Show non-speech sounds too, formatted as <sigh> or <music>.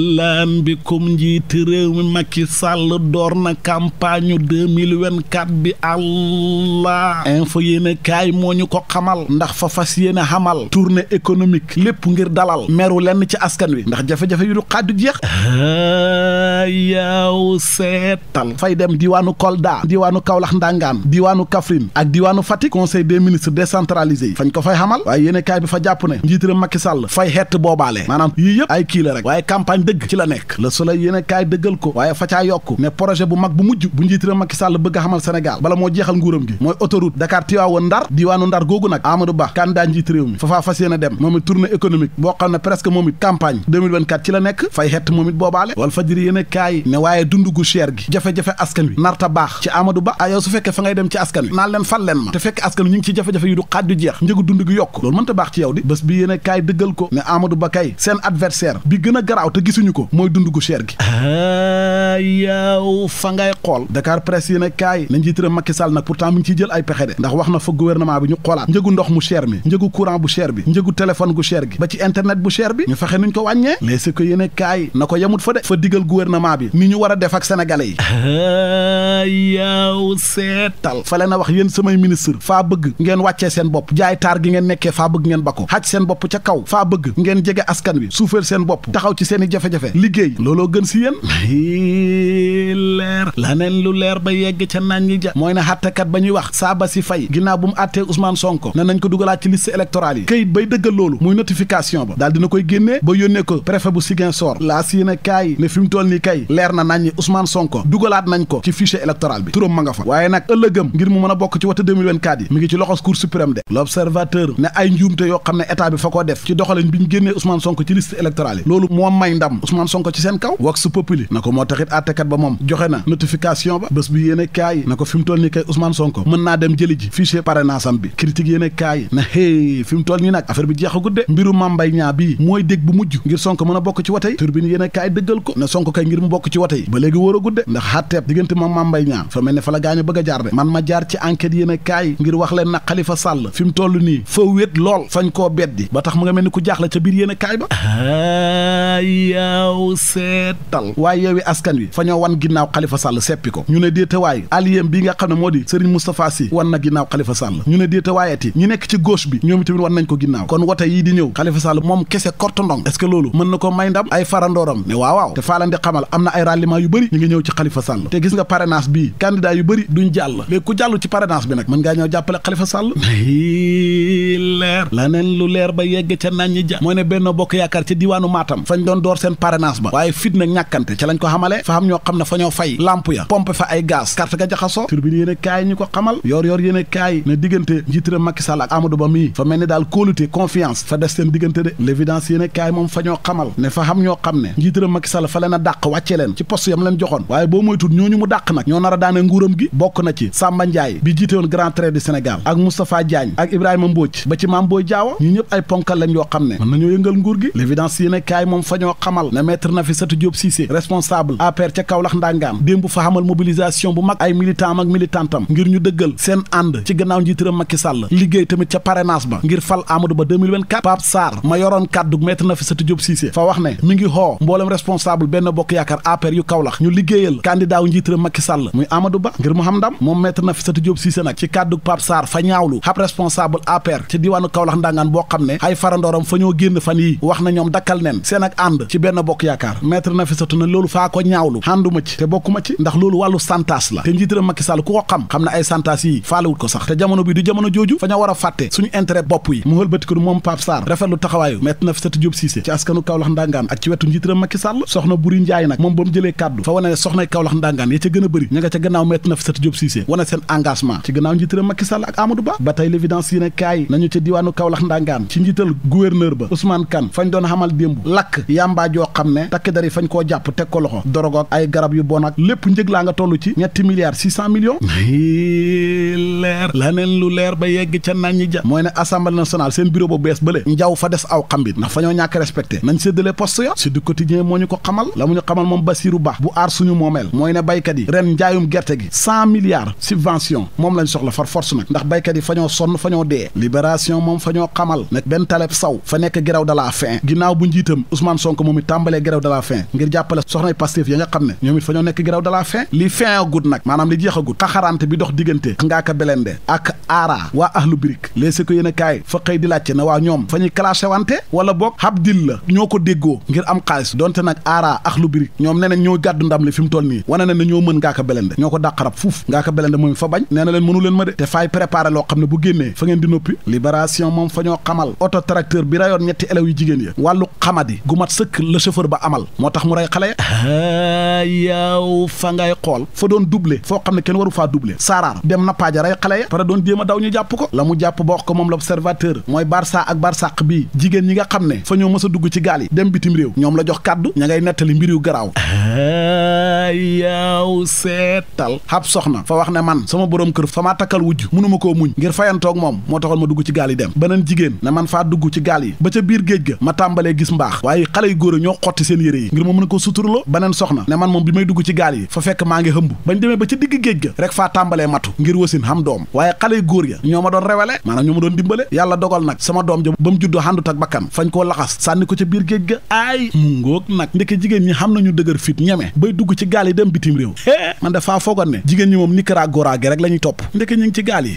ahlan bikum njiiti réew mi Macky Sall door na campagne 2024 bi allah info yéene kaay moo ñu ko xamal ndax fa fas yéene xamal tournée économique lépp ngir dalal meru lenn ci askan wi ndax jafe-jafe yu du xaddu jeex yaw seetal fay dem diwaanu Kolda diwaanu Kaolack Ndangaan diwaanu Kaffrine ak diwaanu Fatick conseil des ministres décentralisé yi fañ ko fay xamal waaye yéene kaay bi fa jàpp ne njiitëram Macky Sall fay xett boobaale maanaam yii yëpp ay kii la dëgg ci la nekk Le Soleil yéen dëggal ko waaye fa yokk ne projet bu mag bu mujj bu njiitira Macky Sall bëgg a xamal Sénégal bala moo jeexal nguuram gi mooy autoroute Dakar Tivaouane Ndar diiwaanu Ndar googu nag Amadou Ba candidat njiit mi fafaa fas yéene dem moom it tournée boo xam ne presque moom it campagne 2024 ci la nekk fay xett moom boobaale Walf Fadjri yéen ne waaye dund gu cher gi jafe-jafe askan wi narta baax ci gisuñu ko mooy dund gu cher gi yaaw fa ngay xool Dakar presse yéen a kaay lañ ciy tëram Macky Sall nag pourtant mi ngi ciy jël ay pexe de ndax wax na fa gouvernement bi ñu xoolaat njëgu ndox mu cher mi njëgu courant bu cher bi njëgu téléphone gu cher gi ba ci internet bu cher bi ñu fexe nuñ ko wàññee mais ce que yéen na ko yemut fa de fa digal gouvernement bi ni ñu war a def ak sénégalais yi yaaw seetal fa leen a wax yéen samay ministre faa bëgg ngeen wàccee seen bopp jaay taar gi ngeen nekkee faa bëgg ngeen seen bopp ca jafe liggéey looloo gën si yéen leer laneen lu leer ba yegg ca naan ñi ja mooy ne àttekat ba ñuy wax saaba si fay ginnaaw bu mu àttee Ousmane Sonko ne nañ ko dugalaat ci liste électorale yi këyit bay dëggal loolu muy notification ba daal dina koy génnee ba yónnee ko préfet bu Ziguinchor laa si ne kaay ne fi toll nii kay leer na nañ ñi Ousmane Sonko dugalaat nañ ko ci fichier électoral bi turam ma nga fa waaye nag ëllëgëm ngir mu mën a bokk ci wata 2024 yi mi ngi ay njuumte yoo jàmm Ousmane Sonko ci seen kaw Vox Populi na ko moo taxit àttekat ba moom joxe na notification ba bés bi yéene kaay na ko fi mu toll ni kay Ousmane Sonko mën naa dem jëli nii nag affaire bi jeexagut de mbiru Mame Mbaye bii mooy dégg bu mujj ngir Sonko mën a bokk ci wote yi turbine yéene kaay dëggal ko ne Sonko kay ngir mu bokk ci wote yi ba léegi wóoragut de ndax xàtteeb diggante moom Mame Mbaye fa mel ne fa la gaañu bëgg a jaar de man ma jaar ci enquête yéene kaay ngir wax leen yaaw seetal waaye yeewi askan wi fa ñoo wan ginnaaw xalifa sàll seppi ko ñu ne déetawaay aliyem bi nga xam ne moo di sëriñ Moustapha Sy wan na ginnaaw xalifa sàll ñu ne déetawaayeeti ñi nekk ci gauche bi ñoom itamit wan nañ ko ginnaaw kon wote yi di ñëw xalifa sàll moom kese korte ndong loolu mën na ko may ndam ay farandooram ne waaw te faalandi xamal am na ay ralliement yu bëri ñu ngi ñëw ci xalifa sàll te gis nga parrainage bii candidat yu bëri duñ jàll léegi <laughs> seen parrainage ba ñàkkante ca lañ ko xamale fa xam ñoo xam ne fa ñoo fay lamp ya pompe fa ay gaz carte ga jaxasoo turbine yéen kaay ñu ko xamal yor yor yéen kaay ne diggante njiitëra Macky ak Amadou Ba mii fa mel ni daal kóolute confiance fa des seen diggante de l'évidence yéen kaay moom fa ñoo xamal ne fa xam ñoo xam ne njiitëra Macky fa leen a wàcce leen ci poste yam leen joxoon waaye boo moytul ñooñu mu dàq nag ñoo nar daane nguuram gi bokk xamal na maître Nafissatou Diop Cissé responsable ca Kaolack ndangaan démb fa xamal mobilisation bu mag ay militant ak militantam ngir ñu dëggal seen ànd ci gannaaw njiitëram Macky Sall liggéey tamit ca parrainage ba ngir fal Amadou Ba 2024 Pape ma yoroon kàddu maître Nafissatou Diop Cissé fa wax ne mi ngi xoo mboolem responsable benn bokk yaakaar APR yu Kaolack ñu liggéeyal candidat wu njiitëram Macky muy Amadou Ba ngir mu xam ndam moom maître boo xam ne ay farandooram na ñoom dakkal benn bokk yaakaar na loolu faa ko ñaawlu ànduma ci te bokkuma ci ndax loolu wàllu santas la te njiitaram Macky ku ko xam xam na ay santas yi faalawut ko sax te jamono bi du jamono jooju fa ña war a fàtte suñu intérêt bopp yi mu wëlbatiku moom Pape Sarr rafetlu taxawaayu maître Nafissatou Diop Cissé ci askanu Kaolack ndangaan ak ci wetu njiitaram Macky soxna Buri Njaay nag moom ba jëlee kàddu fa wane ne soxna ndangaan ya ca gën a yoo xam ne takk dari fañ koo jàpp teg ko loxo dorogoog ay garab yu bon ak lépp njëg laa nga toll ci ñetti milliards six cent millions leer laneen lu leer ba yegg ca nañ ñi ja mooy ne assemblée nationale seen bureau bu bees bële njaw fa des aw xambit ndax fa ñoo ñàkk respecté nañ séddale poste ya si du quotidien moo ñu ko xamal la mu ñu xamal moom Basiru Ba bu aar suñu moomeel mooy ne baykat yi ren njaayum gerte gi cent milliards subvention moom lañ soxla far force nag ndax baykat yi fa ñoo sonn fa ñoo dee libération moom fa ñoo xamal nag benn taleb saw fa nekk giraw de la fin ginnaaw bu njiitam Ousmane Sonko moom tàmbalee grève de ngir jàppale soxnay Pastef ya nga xam ne ñoom fa ñoo nekk grève de li fin a gut nag maanaam li jeex a gut xaxarante bi dox diggante Ngaaka Blindé ak Aara waa ahlu birik léeg si ko yéen a fa xëy di laajte na waa ñoom fa ñuy clashé wante wala Habdil la ñoo ko déggoo ngir am xaalis donte nag Aara ahlu birik ñoom ne ñoo gàddu ndam li fi mu nii wane ne ñoo mën Ngaaka Blindé ñoo ko dàqarab fuuf Ngaaka chauffeur ba amal moo tax mu rey xale ya ah, yaaw fa ngay xool fa doon doublé foo xam ne kenn waru faa duble saaraar dem na paaja rey xale ya pare doon jéem a daw ñu jàpp ko la mu jàpp ba wax ko moom l'observateur mooy barça ak barsàq bii jigéen ñi nga xam ne fa ñoo mës a dugg ci gaal yi dem bitim réew ñoom la jox kàddu ña ngay nettali mbir yu garaaw ah, yaaw seetal xab soxna fa wax ne man sama borom kër fa maa takkal wujj mënuma koo muñ ngir fayantoog moom moo taxoon ma dugg ci gaal yi dem beneen jigéen man faa dugg ci gaal yi ba ca biir géej ga ma tàmbalee gis mbaax dañoo xotti seen yére yi ngir ma mën a ko suturloo beneen soxna ne man moom bi may dugg ci gaal yi fa fekk maa ngi hëmb bañ demee ba ci digg géej ga rek faa tàmbalee matu ngir wasin xam doom waaye xale yu góor ya ñoo ma doon rewele maanaam ñoo ma doon dimbale yàlla dogal nag sama doom ja ba mu juddoo xàndut ak bakkan fañ koo laxas sànni ko ca biir géej ga aay mu ngóog nag ndeke jigéen ñi xam nañu dëgër fit ñeme bay dugg ci gaal yi dem bitim réew man dafaa foogoon ne jigéen ñi moom Nicaragora gi rek la ñuy topp ndeke ñu ngi ci yi